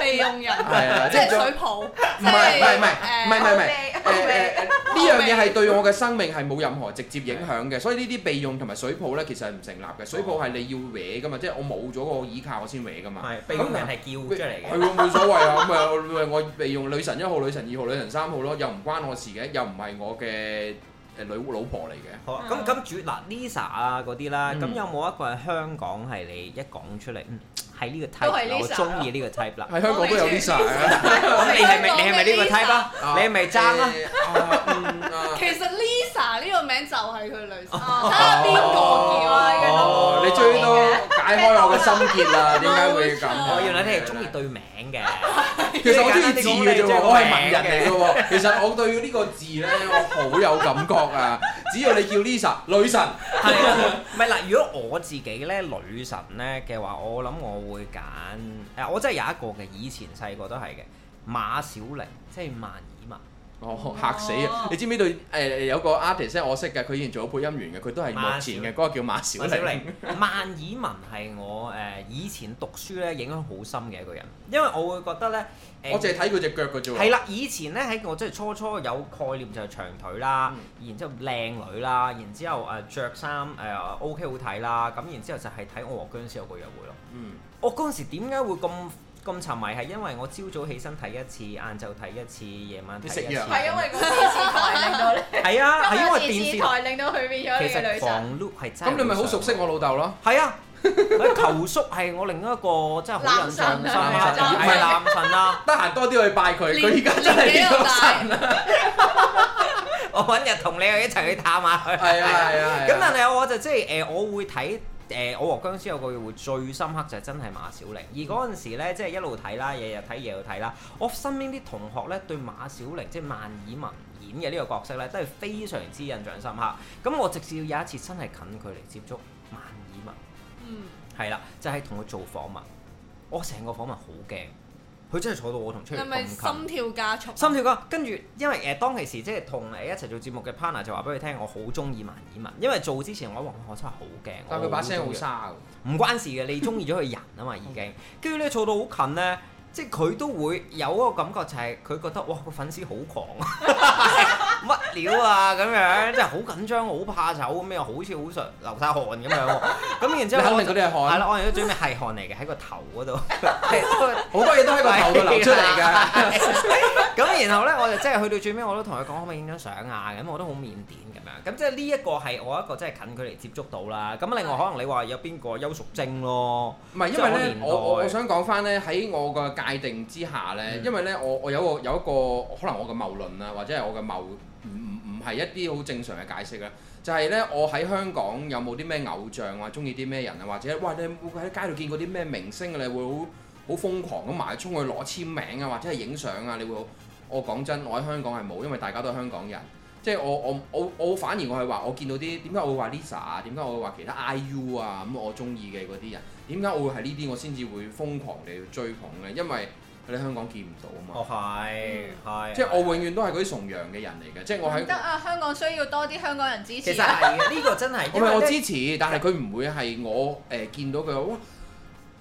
備用人係啊，即係水泡唔係唔係唔係唔係唔係誒誒呢樣嘢係對我嘅生命係冇任何直接影響嘅，所以呢啲備用同埋水泡咧其實係唔成立嘅，水泡係你要搲㗎嘛，即係我冇咗個依靠我先搲㗎嘛，係備用人係叫出嚟嘅，係喎冇所謂啊，唔係我備用女神一號、女神二號、女神三。三號咯，又唔關我事嘅，又唔係我嘅誒女老婆嚟嘅。好啊，咁咁主嗱 Lisa 啊嗰啲啦，咁有冇一個係香港係你一講出嚟，喺呢個 type，我中意呢個 type 啦。喺香港都有 Lisa，咁你係咪你係咪呢個 type 啊？你係咪爭啊？其實 Lisa 呢個名就係佢女神，睇下邊個叫啊？你最多。解開我嘅心結啦！點解會咁？我原來你係中意對名嘅。其實我中意字嘅啫喎，我係文人嚟嘅喎。其實我對呢個字咧，我好有感覺啊！只要你叫 Lisa 女神，係啊，唔係嗱。如果我自己咧，女神咧嘅話，我諗我會揀誒，我真係有一個嘅，以前細個都係嘅，馬小玲，即係萬。哦，嚇死啊！哦、你知唔知道誒、呃、有個 artist 我識嘅，佢以前做配音員嘅，佢都係目前嘅，嗰小個叫馬小玲。馬小 萬綺雯係我誒、呃、以前讀書咧影響好深嘅一個人，因為我會覺得咧，呃、我淨係睇佢隻腳嘅啫。係啦，以前咧喺我即、就、係、是、初初有概念就係長腿啦、嗯，然之後靚女啦，然之後誒著衫誒 OK 好睇啦，咁然之後就係睇我和僵屍有個約會咯。嗯，嗯，我嗰陣時點解會咁？咁沉迷係因為我朝早起身睇一次，晏晝睇一次，夜晚都食一次，係因為個電視台令到你係啊，係因為電視台令到佢變咗其呢個女神。咁你咪好熟悉我老豆咯？係啊，求叔係我另一個真係好神神啊，唔係男神啊，得閒多啲去拜佢，佢而家真係變咗神啊！我揾日同你去一齊去探下佢。係啊係啊，咁但係我就即係誒，我會睇。誒、呃，我和僵屍有個約會最深刻就係真係馬小玲，而嗰陣時咧，即係一路睇啦，日日睇，夜夜睇啦。我身邊啲同學呢，對馬小玲即係萬綺雯演嘅呢個角色呢，都係非常之印象深刻。咁我直至有一次真係近距離接觸萬綺雯，嗯，係啦，就係同佢做訪問，我成個訪問好驚。佢真係坐到我同崔嚟係咪心跳加速？啊，心跳加速。跟住，因為誒、呃、當其時即係同誒一齊做節目嘅 partner 就話俾佢聽，我好中意萬綺雯，因為做之前我話但他 我真係好驚，但佢把聲好沙。唔關事嘅，你中意咗佢人啊嘛已經嘛。跟住咧坐到好近咧，即係佢都會有一個感覺就係佢覺得哇個粉絲好狂啊！ 乜料 啊咁樣，真係好緊張，好怕醜咁樣，好似好想流晒汗咁樣。咁然之後，你肯定嗰啲係汗。係啦，我完咗最尾係汗嚟嘅，喺個頭嗰度。好多嘢都喺個頭度流出嚟㗎。咁然後咧，我就真係去到最尾，我都同佢講可唔可以影張相啊？咁我都好靦腆咁樣。咁即係呢一個係我一個真係近距離接觸到啦。咁另外可能你話有邊個邱淑貞咯？唔係，因為咧，我想呢我想講翻咧，喺我嘅界定之下咧，因為咧我我有個有一個可能我嘅謬論啊，或者係我嘅謬。唔唔唔係一啲好正常嘅解釋啦，就係呢，我喺香港有冇啲咩偶像啊，中意啲咩人啊，或者，或者哇你會喺街度見過啲咩明星啊？你會好好瘋狂咁埋衝去攞簽名啊，或者係影相啊，你會好？我講真，我喺香港係冇，因為大家都係香港人，即係我我我我反而我係話我見到啲點解我會話 Lisa 啊，點解我會話其他 IU 啊，咁我中意嘅嗰啲人，點解我會係呢啲我先至會瘋狂地去追捧呢，因為喺香港見唔到啊嘛，哦係係，即係我永遠都係嗰啲崇洋嘅人嚟嘅，即係我喺得啊！香港需要多啲香港人支持，其實呢個真係因為我支持，但係佢唔會係我誒見到佢好。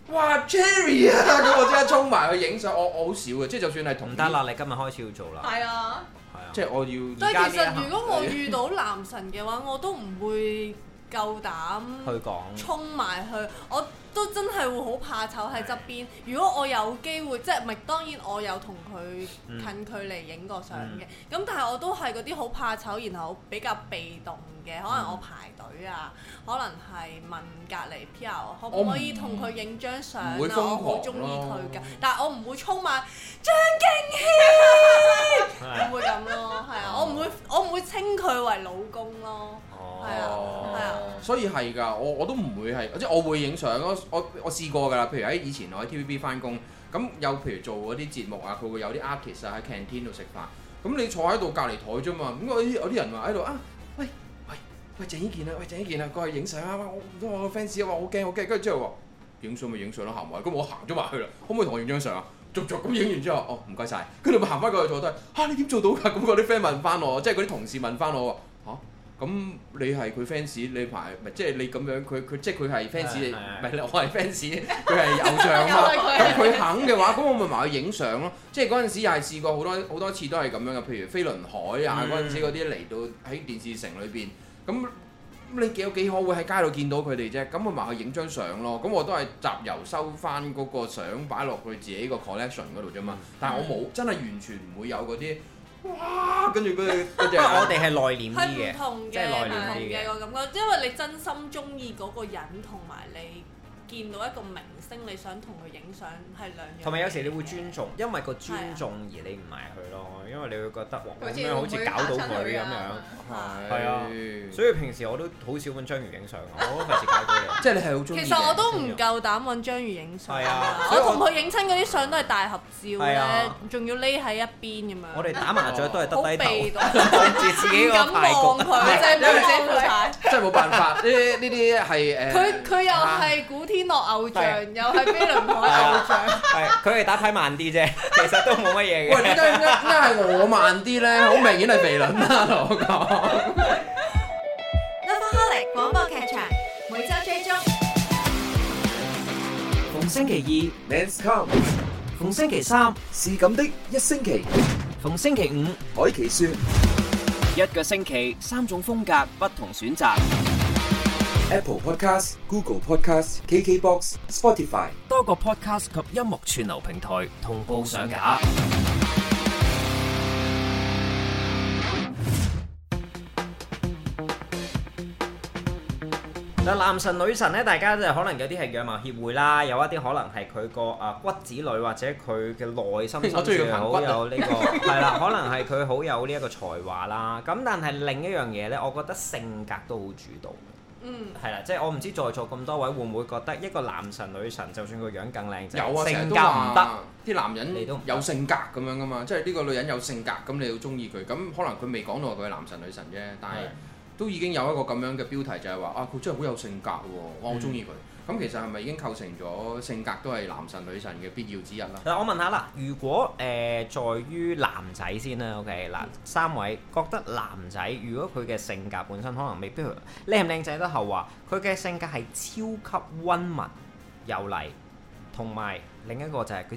哇 Cherry 啊！咁我即刻衝埋去影相，我我好少嘅，即係就算係同 Deadline 你今日開始要做啦，係啊，係啊，即係我要。但係其實如果我遇到男神嘅話，我都唔會夠膽去講衝埋去我。都真係會好怕醜喺側邊，如果我有機會，即係咪當然我有同佢近距離影過相嘅。咁但係我都係嗰啲好怕醜，然後比較被動嘅。可能我排隊啊，可能係問隔離 P.R. 可唔可以同佢影張相啊？我好中意佢噶，但係我唔會充滿張敬軒，唔會咁咯，係啊，我唔會，我唔會稱佢為老公咯，係啊係啊。所以係噶，我我都唔會係，即係我會影相咯。我我試過㗎啦，譬如喺以前我喺 TVB 翻工，咁有譬如做嗰啲節目啊，佢會有啲 artist 啊喺 canteen 度食飯，咁你坐喺度隔離台啫嘛，咁我有啲人話喺度啊，喂喂喂鄭伊健啊，喂鄭伊健啊，過去影相啊，我，話個 fans 話好驚好驚，跟住之後話影相咪影相咯，行埋，咁我行咗埋去啦，可唔可以同我影張相啊？續續咁影完之後，哦唔該晒。跟住咪行翻過去坐低，啊，你點做到㗎？咁我啲 friend 問翻我，即係嗰啲同事問翻我。咁你係佢 fans，你排唔係，即係你咁樣，佢佢即係佢係 fans。唔係我係 fans，佢係偶像啊嘛，咁佢 肯嘅話，咁我咪埋去影相咯。即係嗰陣時又係試過好多好多次都係咁樣嘅，譬如飛輪海啊嗰陣時嗰啲嚟到喺電視城裏邊，咁、mm. 你你有幾可會喺街度見到佢哋啫？咁我埋去影張相咯。咁我都係集郵收翻嗰個相擺落去自己個 collection 嗰度啫嘛。Mm. 但係我冇真係完全唔會有嗰啲。哇！跟住佢，佢哋、就係、 我哋係內斂啲嘅，即係內斂啲嘅個感覺，因為你真心中意嗰個人同埋你。見到一個明星，你想同佢影相係兩樣。同埋有時你會尊重，因為個尊重而你唔埋佢咯，因為你會覺得咁樣好似搞到佢咁樣。係係啊，所以平時我都好少揾章魚影相，我都費事搞啲嘢。即係你係好中意。其實我都唔夠膽揾章魚影相。係啊，我同佢影親嗰啲相都係大合照咧，仲要匿喺一邊咁樣。我哋打麻雀都係得喺度。好被動，自己咁望佢，即係冇辦法。呢呢啲係誒。佢佢又係古天樂偶像又係飛輪海偶像，佢哋打太慢啲啫，其實都冇乜嘢嘅。喂，點解點解點解係我慢啲咧？好明顯係飛輪啦，我講。Lovaholic 廣播劇場每周追蹤，逢星期二 Men's Come，逢星期三是咁的一星期，逢星期五海琪說，一個星期三種風格，不同選擇。Apple Podcast、Google Podcast K K Box、KKBox、Spotify 多個 podcast 及音樂串流平台同步上架。嗱，男神女神咧，大家即係可能有啲係樣貌協會啦，有一啲可能係佢個啊骨子裏或者佢嘅內心深處好有呢、這個係啦， 可能係佢好有呢一個才華啦。咁但係另一樣嘢咧，我覺得性格都好主導。嗯，係啦，即 係我唔知在座咁多位會唔會覺得一個男神女神，就算個樣更靚仔，有啊，性格唔得，啲男人你都有性格咁樣噶嘛，即係呢個女人有性格，咁你要中意佢，咁可能佢未講到話佢係男神女神啫，但係都已經有一個咁樣嘅標題就係話啊，佢真係好有性格喎，我好中意佢。嗯咁其實係咪已經構成咗性格都係男神女神嘅必要之一啦？嗱，我問下啦，如果誒在於男仔先啦，OK，嗱，三位覺得男仔如果佢嘅性格本身可能未必靚唔靚仔都後話，佢嘅性格係超級溫文有禮，同埋另一個就係佢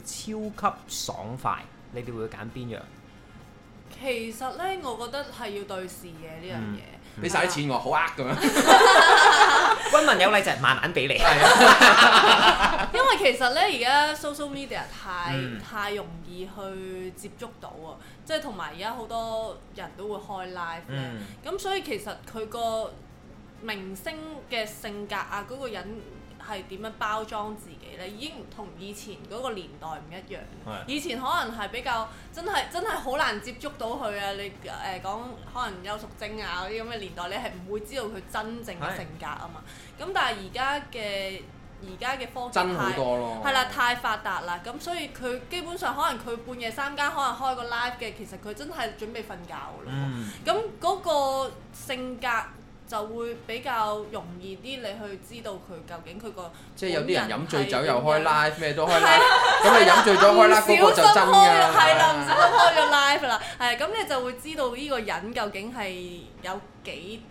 超級爽快，你哋會揀邊樣？其實呢，我覺得係要對視嘅呢樣嘢。俾曬啲錢我，好呃咁樣，温文有禮就係慢慢俾你。因為其實咧，而家 social media 太、嗯、太容易去接觸到啊，即係同埋而家好多人都會開 live 咁、嗯、所以其實佢個明星嘅性格啊，嗰個人係點樣包裝自己？你已經唔同以前嗰個年代唔一樣。是的 以前可能係比較真係真係好難接觸到佢啊！你誒、呃、講可能邱淑貞啊嗰啲咁嘅年代，你係唔會知道佢真正嘅性格啊嘛。咁是的 但係而家嘅而家嘅科技太多囉係啦，太發達啦。咁所以佢基本上可能佢半夜三更可能開個 live 嘅，其實佢真係準備瞓覺噶啦。咁嗰、嗯、個性格。就會比較容易啲，你去知道佢究竟佢個即係有啲人飲醉酒又開 live，咩都開 live，咁你飲醉咗開 live 嗰的個就真係啦，唔使開咗 live 啦，係咁的 你就會知道呢個人究竟係有幾。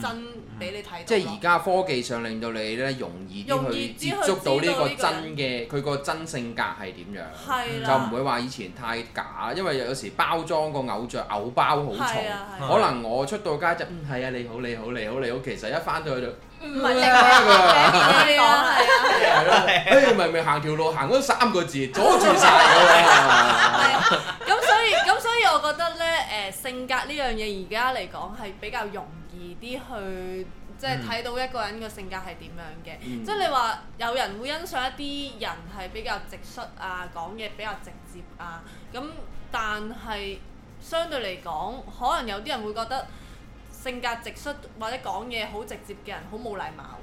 真俾你睇，嗯嗯、即係而家科技上令到你咧容易啲去接觸到呢個真嘅佢個真性格係點樣，嗯、就唔會話以前太假，因為有時包裝個偶像，偶包好重，啊啊、可能我出到街就嗯係啊你好你好你好你好，其實一返到去就。唔係直率㗎，係啊係啊，係咯，誒咪咪行條路行咗三個字阻住曬㗎嘛。咁所以咁所以，我覺得咧誒性格呢樣嘢而家嚟講係比較容易啲去，即係睇到一個人嘅性格係點樣嘅。即係你話有人會欣賞一啲人係比較直率啊，講嘢比較直接啊，咁但係相對嚟講，可能有啲人會覺得。性格直率或者講嘢好直接嘅人，好冇禮貌。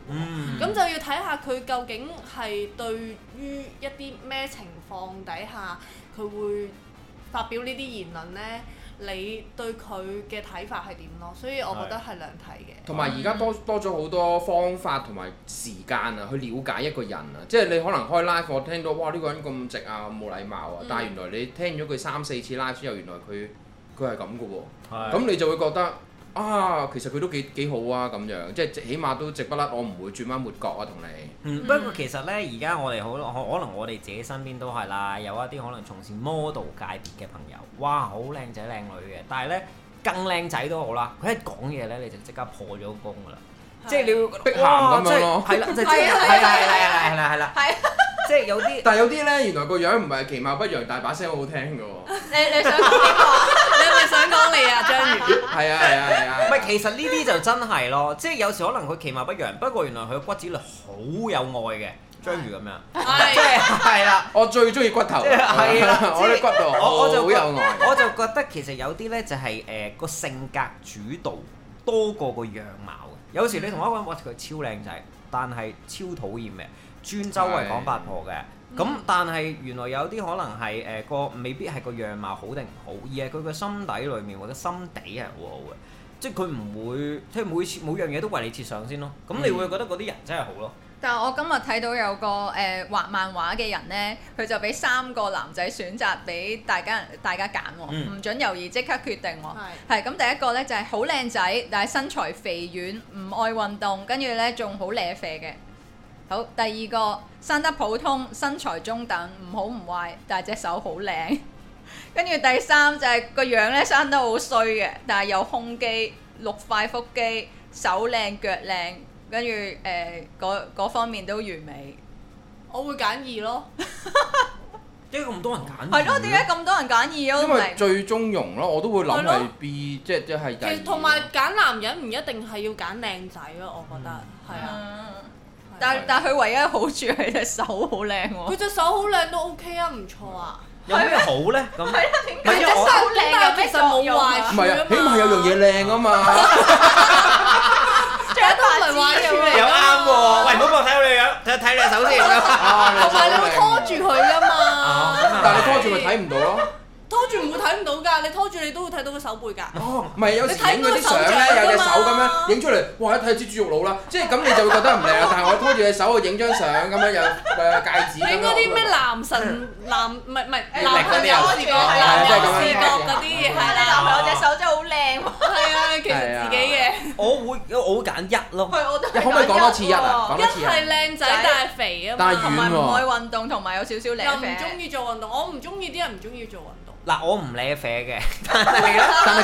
咁、嗯、就要睇下佢究竟係對於一啲咩情況底下，佢會發表呢啲言論呢？你對佢嘅睇法係點咯？所以我覺得係兩睇嘅。同埋而家多多咗好多方法同埋時間啊，去了解一個人啊。即係你可能開 live 聽到哇呢、呢個人咁直啊，冇禮貌啊，嗯、但係原來你聽咗佢三四次 live 之後，原來佢佢係咁嘅喎。咁、啊嗯、你就會覺得。啊，其實佢都幾幾好啊，咁樣即係起碼都直不甩，我唔會轉彎抹角啊，同你。嗯，不過其實咧，而家我哋好可能我哋自己身邊都係啦，有一啲可能從事 model 界別嘅朋友，哇，好靚仔靚女嘅，但係咧更靚仔都好啦，佢一講嘢咧你就即刻破咗功噶啦，即係你要逼喊咁樣咯，係啦，係啦，係啦，係啦，係啦，係啦，係啊，即係有啲，但係有啲咧原來個樣唔係其貌不揚，但係把聲好好聽嘅喎。你你想邊個？想講你啊，章魚，係啊係啊係啊！唔係其實呢啲就真係咯，即係有時可能佢其貌不揚，不過原來佢個骨子裏好有愛嘅章魚咁樣，即係係啦，我最中意骨頭，係啦的，我啲骨頭我就好有愛，我就覺得其實有啲咧就係誒個性格主導多過個樣貌嘅，有時你同我講話佢超靚仔，但係超討厭嘅，專周圍講八婆嘅。咁但係原來有啲可能係誒個未必係個樣貌好定唔好，而係佢個心底裏面或者心地係好好嘅，即係佢唔會即係每次每樣嘢都為你設想先咯。咁你會覺得嗰啲人真係好咯。但係我今日睇到有個誒畫漫畫嘅人咧，佢就俾三個男仔選擇俾大家大家揀，唔準猶豫即刻決定。係係咁，第一個咧就係好靚仔，但係身材肥軟，唔愛運動，跟住咧仲好癡肥嘅。好，第二個生得普通，身材中等，唔好唔壞，但係隻手好靚。跟住第三就係個樣咧，生得好衰嘅，但係有胸肌、六塊腹肌，手靚腳靚，跟住誒，嗰嗰方面都完美。我會揀二咯，即係咁多人揀，係咯？點解咁多人揀二咯？因為最中庸咯，我都會諗係 B，即係即係揀。其實同埋揀男人唔一定係要揀靚仔咯，我覺得係啊。但但佢唯一好處係隻手好靚喎，佢隻手好靚都 OK 啊，唔錯啊。有咩好咧？咁，佢隻手靚又咩手冇壞？唔係啊，起碼有樣嘢靚啊嘛。最後都唔係話有。有啱喎，喂，唔好幫我睇到你樣，睇睇你隻手先。同埋你會拖住佢㗎嘛。但你拖住咪睇唔到咯。拖住唔會睇唔到㗎，你拖住你都會睇到個手背㗎。哦，唔係有時影嗰啲相咧，有隻手咁樣影出嚟，哇，一睇知豬肉佬啦，即係咁你就會覺得唔靚啦。但係我拖住隻手去影張相咁樣有誒戒指。你嗰啲咩男神男唔係唔係男朋友啊？男朋友視覺嗰啲，係啊，男朋友隻手真係好靚。係啊，其實自己嘅。我會我會揀一咯。係我都一可唔可以講多次一一係靚仔但係肥啊嘛，同埋唔愛運動同埋有少少靚。又唔中意做運動，我唔中意啲人唔中意做運動。嗱，我唔理肥嘅，但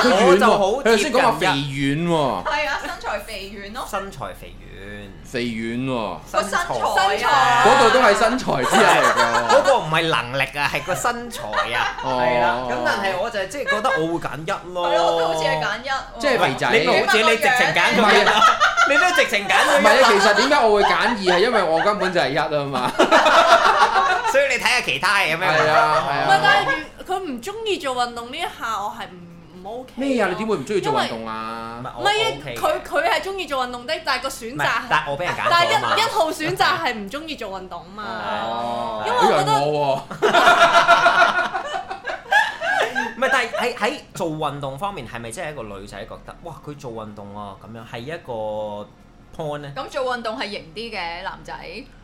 係佢就好，你頭先講個肥軟喎。係啊，身材肥軟咯。身材肥軟，肥軟喎。個身材啊，嗰個都係身材之類嚟嘅，嗰個唔係能力啊，係個身材啊。係啊。咁但係我就即係覺得我會揀一咯。係咯，好似係揀一。即係肥仔。你好似你直情揀佢啊？你都係直情揀。唔係啊，其實點解我會揀二係因為我根本就係一啊嘛。所以你睇下其他嘢有咩？係啊，係啊。唔係但係。佢唔中意做運動呢一下，我係唔唔 OK。咩啊？你點會唔中意做運動啊？唔係啊，佢佢係中意做運動的，但係個選擇係。但係我俾人揀。但係一一號選擇係唔中意做運動嘛？的哦。因為我覺得。唔係， 但係喺喺做運動方面，係咪真係一個女仔覺得哇？佢做運動啊，咁樣係一個 point 咧。咁做運動係型啲嘅男仔。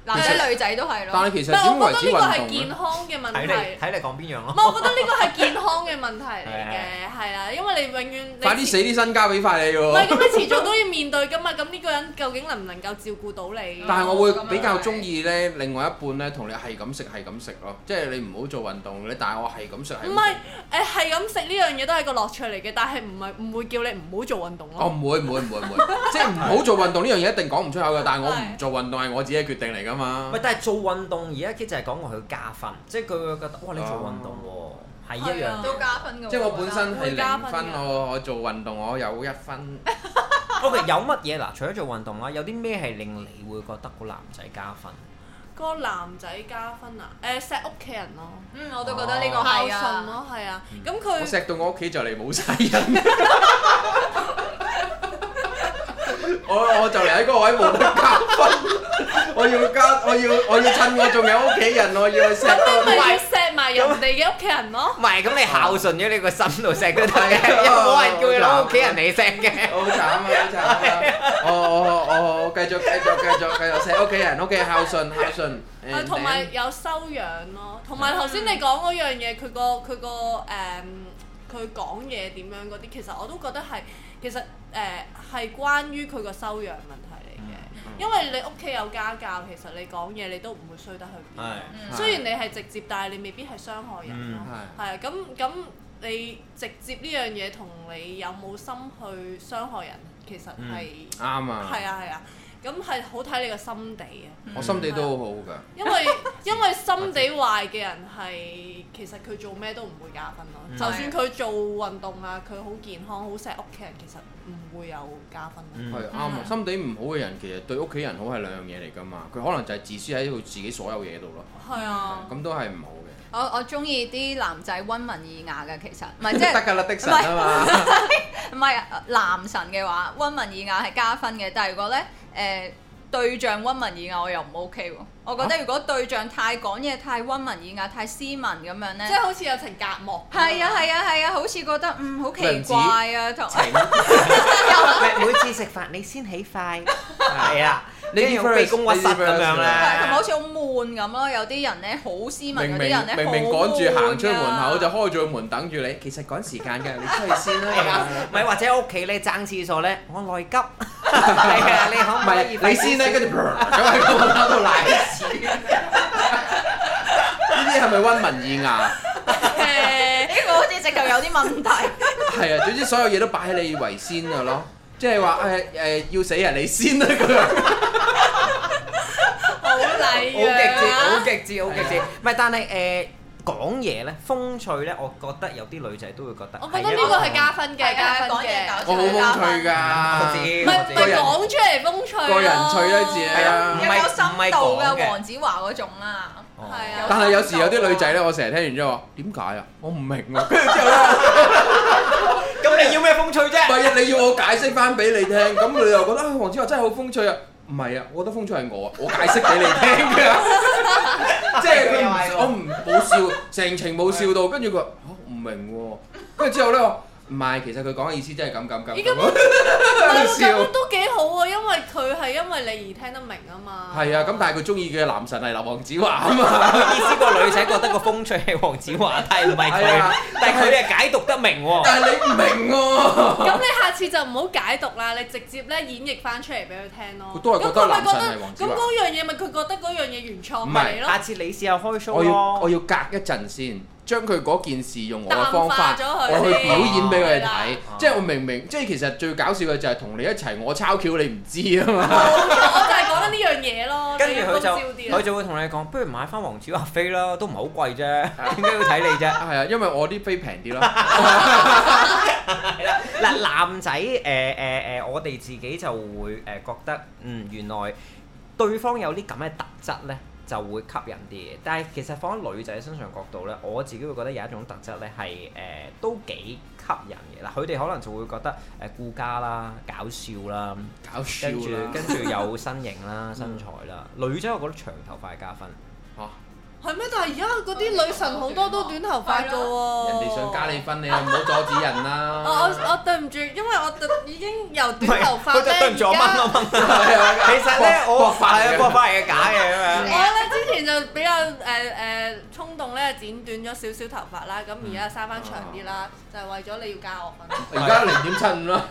男仔女仔都係咯，但係我覺得呢個係健康嘅問題。睇你講邊樣咯？我覺得呢個係健康嘅問題嚟嘅，係啊，因為你永遠快啲死啲身交俾快你喎。唔係，咁你遲早都要面對噶嘛。咁呢個人究竟能唔能夠照顧到你？但係我會比較中意咧，另外一半咧同你係咁食係咁食咯，即係你唔好做運動，你但係我係咁食唔係，誒係咁食呢樣嘢都係個樂趣嚟嘅，但係唔係唔會叫你唔好做運動咯。我唔會唔會唔會唔會，即係唔好做運動呢樣嘢一定講唔出口嘅。但係我唔做運動係我自己嘅決定嚟㗎。喂，但係做運動而家佢就係講話佢加分，即係佢會覺得哇，你做運動喎，係一樣都加分嘅。即係我本身係零分，我我做運動我有一分。OK，有乜嘢嗱？除咗做運動啦，有啲咩係令你會覺得個男仔加分？個男仔加分啊？誒，錫屋企人咯。嗯，我都覺得呢個孝順咯，係啊。咁佢錫到我屋企就嚟冇晒人。我我就嚟喺嗰位冇得加分。我要加，我要我要趁我仲有屋企人，我要去錫個，唔係錫埋人哋嘅屋企人咯。唔係，咁你孝順咗你個心度錫佢哋，冇人叫你攞屋企人嚟錫嘅。好慘啊！好慘啊！我我我我繼續繼續繼續繼續錫屋企人，屋企孝順孝順。係同埋有修養咯，同埋頭先你講嗰樣嘢，佢個佢個誒，佢講嘢點樣嗰啲，其實我都覺得係，其實誒係關於佢個修養問題。因為你屋企有家教，其實你講嘢你都唔會衰得去邊。係雖然你係直接，係但係你未必係傷害人。係啊、嗯，咁咁你直接呢樣嘢同你有冇心去傷害人，其實係啱、嗯、啊。係啊，係啊。咁係好睇你個心地啊！我心地都好好㗎。因為因為心地壞嘅人係其實佢做咩都唔會加分咯。就算佢做運動啊，佢好健康好錫屋企人，其實唔會有加分。係啱啊！心地唔好嘅人其實對屋企人好係兩樣嘢嚟㗎嘛。佢可能就係自私喺佢自己所有嘢度咯。係啊。咁都係唔好嘅。我我中意啲男仔温文爾雅嘅，其實唔係即係得㗎啦，的神啊，唔係男神嘅話，温文爾雅係加分嘅，但係如果咧。誒，對象温文爾雅我又唔 OK 喎，我覺得如果對象太講嘢、太温文爾雅、太斯文咁樣咧，即係好似有層隔膜。係啊係啊係啊，好似覺得嗯好奇怪啊同埋，每次食飯你先起筷，係啊，你要備公我食咁樣啦，同埋好似好悶咁咯。有啲人咧好斯文嗰啲人咧，明明趕住行出門口就開咗門等住你，其實趕時間㗎，你出去先啦。咪或者屋企咧爭廁所咧，我內急。係啊，你好。唔係你先咧，跟住咁喺度鬧到爛屎。呢啲係咪溫文爾雅？誒，呢個好似直頭有啲問題。係啊，總之所有嘢都擺喺你為先噶咯，即係話誒誒要死人你先啦。咁樣好禮，好極致，好極致，好極致。唔係，但係誒。講嘢咧，風趣咧，我覺得有啲女仔都會覺得。我覺得呢個係加分嘅，加分嘅。我好風趣㗎，個字。唔係唔係講出嚟風趣咯。個人趣得字啊，有深度嘅。黃子華嗰種啊，係啊。但係有時有啲女仔咧，我成日聽完之後話點解啊？我唔明啊。跟住之後咧，咁你要咩風趣啫？萬一你要我解釋翻俾你聽，咁你又覺得啊，黃子華真係好風趣啊。唔係啊，我覺得風趣係我，我解釋俾你聽嘅，即係我唔冇笑，成程冇笑到，跟住佢話好唔明喎，跟住之後呢。我唔係，其實佢講嘅意思真係咁咁咁。依家咁都幾好喎，因為佢係因為你而聽得明啊嘛。係啊，咁但係佢中意嘅男神係劉黃子華啊嘛。 意思個女仔覺得個風趣係黃子華替咪佢， 但係佢係解讀得、啊、 明喎、啊。但係你唔明喎。咁你下次就唔好解讀啦，你直接咧演繹翻出嚟俾佢聽咯。都係覺得男神係黃子華。咁嗰樣嘢咪佢覺得嗰樣嘢原創咪咯？是下次你試下開騷咯。我要我要隔一陣先。將佢嗰件事用我嘅方法，我去表演俾佢哋睇，即係我明明，即係其實最搞笑嘅就係同你一齊，我抄橋你唔知啊嘛。冇錯，我就係講緊呢樣嘢咯。跟住佢就佢就會同你講，不如買翻黃子華飛啦，都唔係好貴啫，點解要睇你啫？係啊，因為我啲飛平啲咯。係啦，嗱男仔誒誒誒，我哋自己就會誒覺得，嗯，原來對方有啲咁嘅特質咧。就會吸引啲嘅，但係其實放喺女仔身上角度呢，我自己會覺得有一種特質呢，係、呃、誒都幾吸引嘅啦。佢哋可能就會覺得誒顧家啦、搞笑啦，搞笑啦，跟住跟住有身型啦、 身材啦。女仔我覺得長頭髮係加分。啊係咩？但係而家嗰啲女神好多都短頭髮噶喎，啊，人哋想加你分你啊，唔好阻止人啦。哦，我我對唔住，因為我已經由短頭髮咧。我就對唔住我問我問。在 其實咧，我我發我發係假嘅咁樣。 我咧之前就比較誒誒、呃呃、衝動咧剪短咗少少頭髮啦，咁而家生翻長啲啦，就係、是、為咗你要加我分。而家零點七五啦。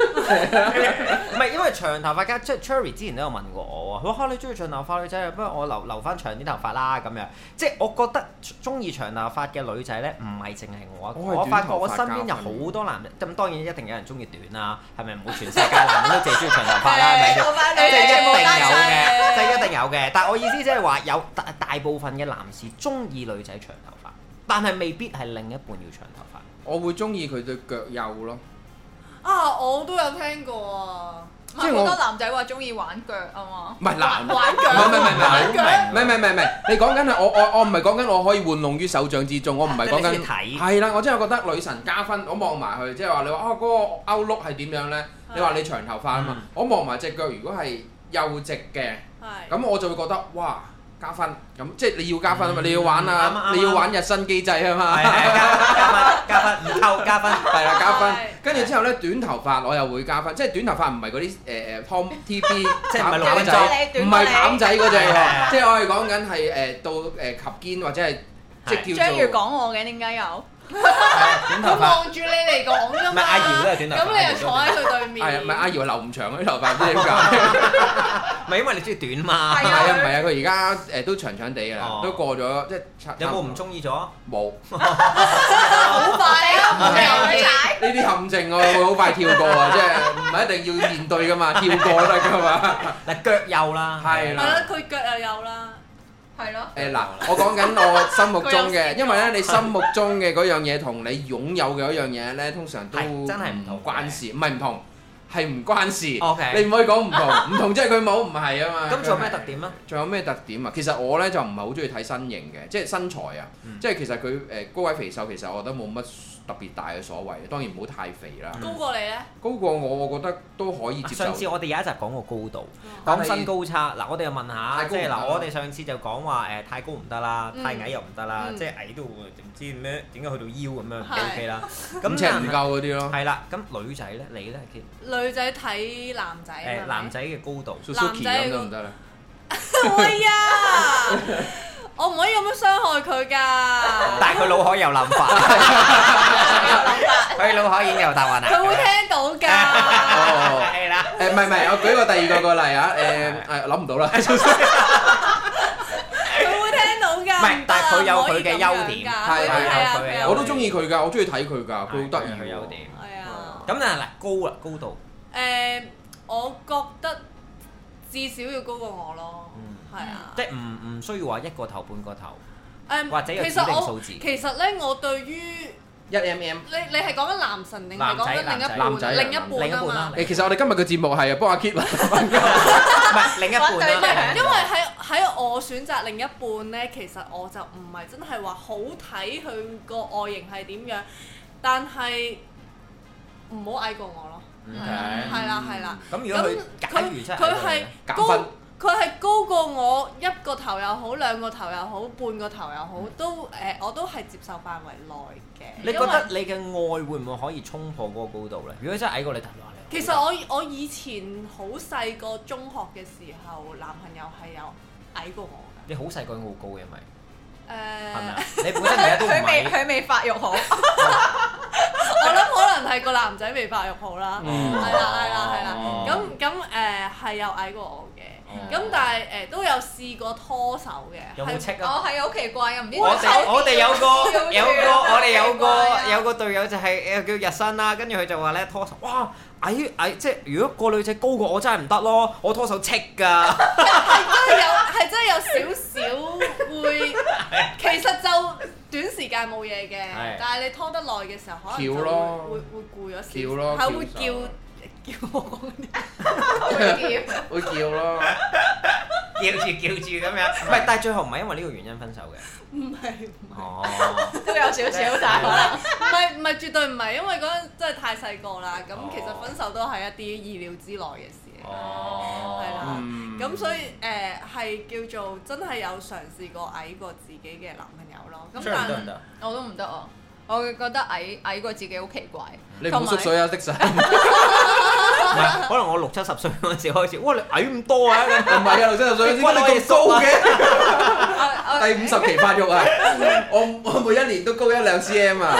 唔係因為長頭髮嘅，即係 Cherry 之前都有問過我啊。哇，你中意長頭髮女仔，不如我留留翻長啲頭髮啦。咁樣即我覺得中意長頭髮嘅女仔呢，唔係淨係我。我，髮髮我發覺我身邊有好多男人，咁、嗯、當然一定有人中意短啦、啊，係咪？唔好全世界男人都中意長頭髮啦，係咪？ 即係 一定有嘅，即係 一定有嘅。 但係我意思即係話，有大部分嘅男士中意女仔長頭髮，但係未必係另一半要長頭髮。我會中意佢對腳幼咯。啊，我都有聽過啊！好多男仔話中意玩腳啊嘛，唔係男，玩腳，唔係唔係唔係唔係，唔係唔係唔係，你講緊係我我我唔係講緊我可以玩弄於手掌之中，我唔係講緊，係啦，我真係覺得女神加分，我望埋佢，即係話你話啊嗰個 outlook 係點樣咧？你話你長頭髮啊嘛，我望埋隻腳如果係幼直嘅，咁我就會覺得哇。加分咁，即係你要加分啊嘛，你要玩啊，你要玩日新機制啊嘛，係係，加分加分，然後加分，係啦，加分，跟住之後咧短頭髮我又會加分，即係短頭髮唔係嗰啲誒誒 Tom T B 即係唔係蘿仔，嗰隻，即係我哋講緊係誒到誒及肩或者係即係張月講我嘅點解有？佢望住你嚟講啫嘛，阿瑤，咁你又坐喺佢對面。係啊，唔係阿瑤留唔長嗰啲頭髮，唔知點解。唔係因為你中意短嘛？係啊，唔係啊，佢而家誒都長長哋㗎啦，都過咗即係。有冇唔中意咗？冇。好快啊！呢啲陷阱我會好快跳過啊，即係唔係一定要面對㗎嘛？跳過得㗎嘛？嗱腳有啦，係啦，佢腳又有啦。係咯。誒嗱、啊，我講緊我心目中嘅，因為咧你心目中嘅嗰樣嘢同你擁有嘅嗰樣嘢咧，通常都係真係唔同關事，唔係唔同，係唔關事。O Okay . K，你唔可以講唔同，唔 同即係佢冇唔係啊嘛。咁仲有咩特點咧？仲有咩特點啊？其實我咧就唔係好中意睇身形嘅，即係身材啊，嗯、即係其實佢誒、呃、高矮肥瘦，其實我覺得冇乜。特別大嘅所謂，當然唔好太肥啦。高過你咧？高過我，我覺得都可以接受。上次我哋有一集講個高度，講身高差。嗱，我哋又問下，即係嗱，我哋上次就講話誒，太高唔得啦，太矮又唔得啦，即係矮到唔知咩，點解去到腰咁樣唔 OK 啦？咁尺唔夠嗰啲咯。係啦，咁女仔咧，你咧？女仔睇男仔啊男仔嘅高度，Suki 咁都唔得啦。唔係啊！我唔可以咁樣傷害佢噶。但係佢腦海有諗法，佢腦海已經有答案啦。佢會聽到噶，係啦。誒，唔係唔係，我舉個第二個個例啊。誒，諗唔到啦，佢會聽到噶。唔係，但係佢有佢嘅優點，係係係，我都中意佢噶，我中意睇佢噶，佢好得意。佢優點係啊。咁但係嗱，高啦高度。誒，我覺得。至少要高過我咯，嗯，係啊，即係唔唔需要話一個頭，半個頭，或者有指定數字。其實咧，我對於一 M M，你你係講緊男神定係講緊另一半另一半，啊嘛。誒，其實我哋今日嘅節目係啊，幫阿 Kit，唔係另一半啊。因為喺喺我選擇另一半咧，其實我就唔係真係話好睇佢個外形係點樣，但係唔好矮過我咯。係，係啦，係啦。咁如果佢假如佢係高，佢係高過我一個頭又好，兩個頭又好，半個頭又好，mm hmm. 都誒、呃，我都係接受範圍內嘅。你覺得為你嘅愛會唔會可以衝破嗰個高度咧？如果真係矮過你頭，談唔談得嚟？其實我我以前好細個中學嘅時候，男朋友係有矮過我㗎。你好細個已經好高嘅咪？誒，係咪、uh、你本身，佢未佢未發育好。 可能係個男仔未發育好啦，係啦、嗯，矮啦，係啦，咁咁誒係有矮過我嘅，咁、嗯、但係誒、呃、都有試過拖手嘅，有冇戚啊？是哦，係啊，好奇怪，又唔知有有我哋的有，有個有，有個我哋有個有個，有個隊友就係、是、誒叫日新啦，跟住佢就話咧拖手，哇，矮矮即係如果個女仔高過我真係唔得咯，我拖手戚㗎，係 真係有係真係有少少會，其實就。 短時間冇嘢嘅，但係你拖得耐嘅時候，可能就會會會攰咗先，係會叫叫我會叫，會叫咯，叫住叫住咁樣。唔係，但係最後唔係因為呢個原因分手嘅，唔係，都有少少大啦。唔係唔係絕對唔係，因為嗰陣真係太細個啦。咁其實分手都係一啲意料之內嘅事。哦，係啦，咁所以誒係叫做真係有嘗試過矮過自己嘅男朋友咯。雖然唔得，我都唔得哦。我覺得矮矮過自己好奇怪。你五十歲啊，的士？唔係，可能我六七十歲嗰陣時開始，哇！你矮咁多啊？你唔係啊，六七十歲先，我係咁高嘅。第五十期發育啊！我我每一年都高一兩 cm 啊。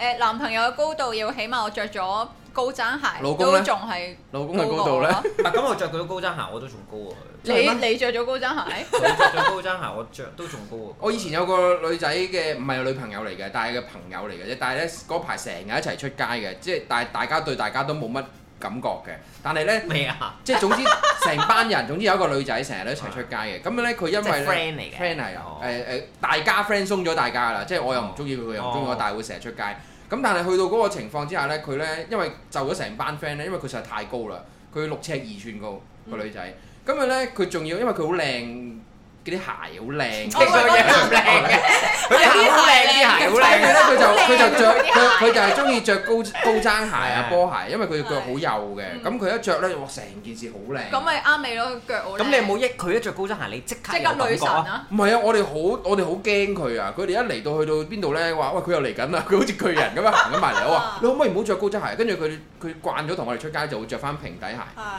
誒，男朋友嘅高度要起碼我著咗。高踭鞋，老公都仲係老公嘅高度咧。咁，我着佢啲高踭鞋，我都仲高啊。你你著咗高踭鞋？你着咗高踭鞋，我着都仲高啊。我以前有個女仔嘅，唔係女朋友嚟嘅，但係嘅朋友嚟嘅啫。但係咧嗰排成日一齊出街嘅，即係大大家對大家都冇乜感覺嘅。但係咧，即係總之成班人，總之有一個女仔成日都一齊出街嘅。咁樣咧，佢因為 friend 嚟嘅，friend 係啊，誒大家 friend 鬆咗大家啦，即係我又唔中意佢，佢又唔中意我，但係會成日出街。咁但係去到嗰個情況之下呢，佢呢因為就咗成班 friend 呢，因為佢實在太高啦，佢六尺二寸高個女仔，咁啊、嗯、呢，佢仲要因為佢好靚。嗰啲鞋好靚，唔靚嘅，佢啲鞋好靚啲鞋好靚。佢佢就佢就着，佢就係中意着高高踭鞋啊，波鞋，因為佢嘅腳好幼嘅。咁佢一着咧，成件事好靚。咁咪啱你咯腳。咁你有冇益佢一着高踭鞋，你即刻即刻女神啊？唔係啊，我哋好我哋好驚佢啊！佢哋一嚟到去到邊度咧，話喂佢又嚟緊啦，佢好似巨人咁行緊埋嚟，我話你可唔可以唔好着高踭鞋？跟住佢佢慣咗同我哋出街就會着翻平底鞋。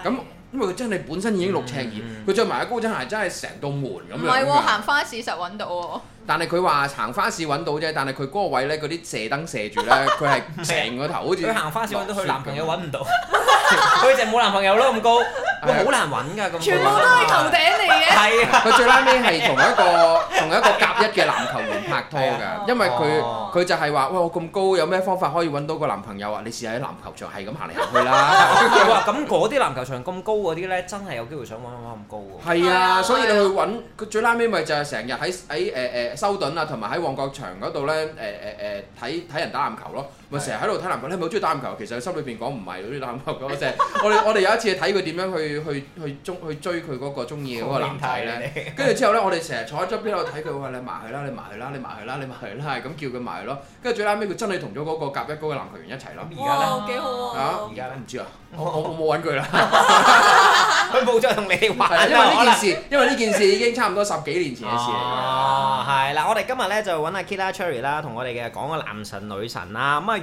咁因為佢真係本身已經六尺二，佢着埋個高踭鞋真係成道門咁、啊、樣。唔係喎，行花市實揾到喎、啊。但係佢話行花市揾到啫，但係佢嗰個位咧，嗰啲射燈射住咧，佢係成個頭好似。佢行花市揾到佢男朋友揾唔到，佢就冇男朋友咯，咁高，佢好難揾㗎咁。全部都係頭頂嚟嘅。係啊，佢最 last 尾係同一個同一個甲一嘅籃球員拍拖㗎，因為佢佢就係話：喂，我咁高有咩方法可以揾到個男朋友啊？你試下喺籃球場係咁行嚟行去啦。哇，咁嗰啲籃球場咁高嗰啲咧，真係有機會想揾唔揾咁高㗎。係啊，所以你去揾佢最 last 尾咪就係成日喺喺誒誒。修頓啊，同埋喺旺角場嗰度咧，誒誒誒，睇、呃、睇人打籃球咯。咪成日喺度睇籃球，你係咪好中意打籃球？其實心裏邊講唔係好中意打籃球，講我成我哋我哋有一次睇佢點樣去去去中去追佢嗰個中意嗰個男仔咧。跟住之後咧，我哋成日坐喺側邊度睇佢話你埋去啦，你埋去啦，你埋去啦，你埋去啦，係咁叫佢埋去咯。跟住最打尾，佢真係同咗嗰個甲一級嘅籃球員一齊啦。而家咧，而家咧唔知啊，我我我冇揾佢啦，去澳洲同你玩。因為呢件事，因為呢件事已經差唔多十幾年前嘅事嚟嘅。係啦，我哋今日咧就揾阿 Kit、Cherry 啦，同我哋嘅講個男神女神啦，咁啊～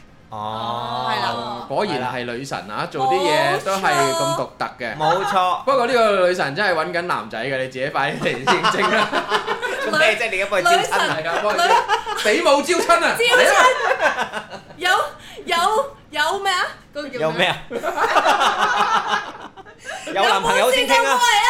哦，果然係女神啊！做啲嘢都係咁獨特嘅，冇錯。不過呢個女神真係揾緊男仔嘅，你自己快啲認認證啦！做咩啫？你而家幫佢招親嚟噶？死冇招親啊！招親有有有咩啊？有咩啊？有男朋友先進來啊？